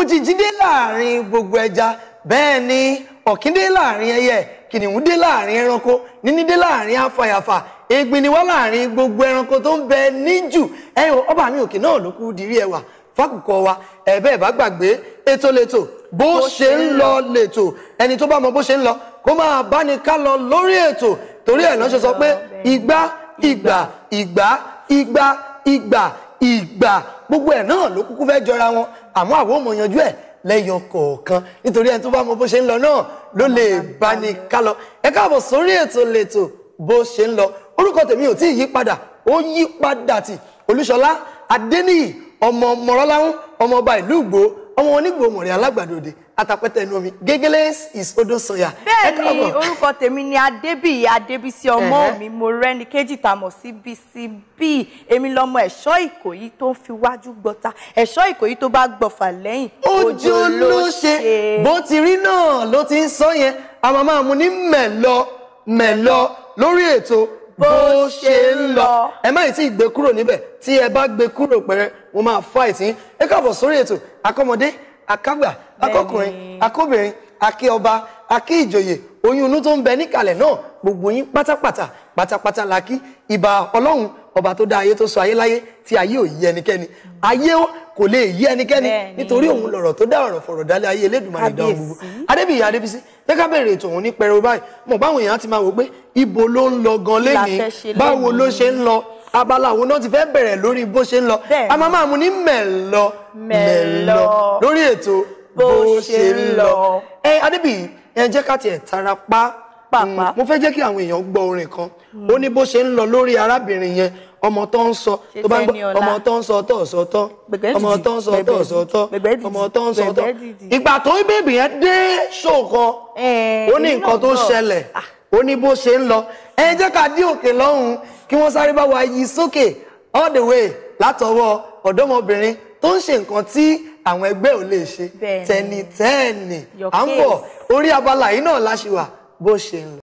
òjìji dé láàrin gbogbo ẹja bẹ́ẹ̀ ni ọ̀kín dé láàrin ẹyẹ kìnìún dé láàrin ẹranko níní dé láàrin afàyàfà egbin ni wá láàrin gbogbo ẹranko tó ń bẹ níjù ẹyìn ọba mi òkè náà ló kú dirí ẹwà fákùkọ wa ẹ̀bẹ́ ìbá gbàgbé ètò lètò bó ṣe ń lọ lètò ẹni tó bá mọ bó ṣe ń lọ kó máa bá ní ká lọ lórí ètò torí ẹ̀ lọ́n ṣe sọ pé ìgbà ìgbà ìgbà ìgbà ìgbà ìgbà gbogbo ẹ̀ náà ló kúkú fẹ́ jọra wọn àmọ́ àwọn ò mọ̀ yanjú ẹ̀ lẹ́yọ kọ̀ọ̀kan nítorí ẹni tó bá mọ bó ṣe ń lọ náà ló lè bá ní ká lọ ẹ káàbọ̀ sórí ètò lètò bó ṣe ń lọ orúkọ tèmi ò tí ì yí padà ó yí padà tì Olúṣọlá Adéníyì ọmọ mọ̀rọ́láhún ọmọ ọba ìlú Ìgbò ọmọ onígbòmọ̀rẹ́ alágbàdòde atapẹ́tẹ̀ inú omi gégélé is odò sọ̀yà. bẹ́ẹ̀ni orúkọ tèmi ni adébíyì adébísí ọmọ mi mo rẹ́ni kejì tàmọ̀ sí bcb èmi lọmọ ẹ̀ṣọ́ ìkòyí tó ń fi wájú gbọ́ta ẹ̀ṣọ́ ìkòyí tó bá gbọ̀fà lẹ́yìn ojú ló ṣe bó ti rí náà ló ti ń sọ yẹn a máa máa mu ní mẹ̀lọ mẹ̀lọ lórí ètò bó ṣe ń lọ. ẹ má yìí tí ì gbé kúrò níbẹ̀ tí ẹ bá gbé kúrò pẹ̀rẹ́ mo máa fà ìsín ẹ káàbọ̀ sórí ètò akọ́mọdé akágbà akọ́kùnrin akóbìnrin akí ọba akí ìjòyè oyún inú tó ń bẹ níkàlẹ̀ náà gbogbo yín pátápátá pátápátá la kí ìbà ọlọ́run ọba tó dá ayé tó sọ ayé láyé tí ayé ò yí ẹnikẹ́ni ayé kò lè yí ẹnikẹ́ni nítorí òun lọ̀rọ̀ tó dá ọ̀rọ̀ fọ̀rọ̀ dálé ayé elédùnmarè jẹ́ ká bẹ̀rẹ̀ ètò òun ní pẹrẹu báyìí mọ̀ báwọn èèyàn ti máa wò pé ibo ló ń lọ gan lénìí báwo ló ṣe ń lọ abala àwọn náà ti fẹ́ bẹ̀rẹ̀ lórí bó ṣe ń lọ a máa máa mú ní mẹ̀lọ mẹ̀lọ lórí ètò bó ṣe ń lọ. ẹ adébíyí ẹ jẹ́ ká tiẹ̀ tara pa mm, mo fẹ́ jẹ́ kí àwọn èèyàn gbọ́ orin kan hmm. ó ní bó ṣe ń lọ lórí arábìnrin yẹn ọmọ tó ń sọ tó bá ń gbọ́ ọmọ tó ń sọ tó sọ tán ọmọ tó ń sọ tó sọ tán ọmọ tó ń sọ tán ìgbà tó ń bèbè yẹn dé ṣòkan ó ní nǹkan tó ṣẹlẹ̀ ah. ó ní bó ṣe ń lọ ẹ jẹ́ ká dí òkè lọ́hùn kí wọ́n sáré bá wa yí sókè all the way látọwọ́ ọ̀dọ́mọbìnrin tó ń ṣe nǹkan tí àwọn ẹgbẹ́ ò lè ṣe tẹnitẹ́ẹ̀nì à ń bọ̀ orí abala yìí náà láṣìwà bó ṣe ń lọ.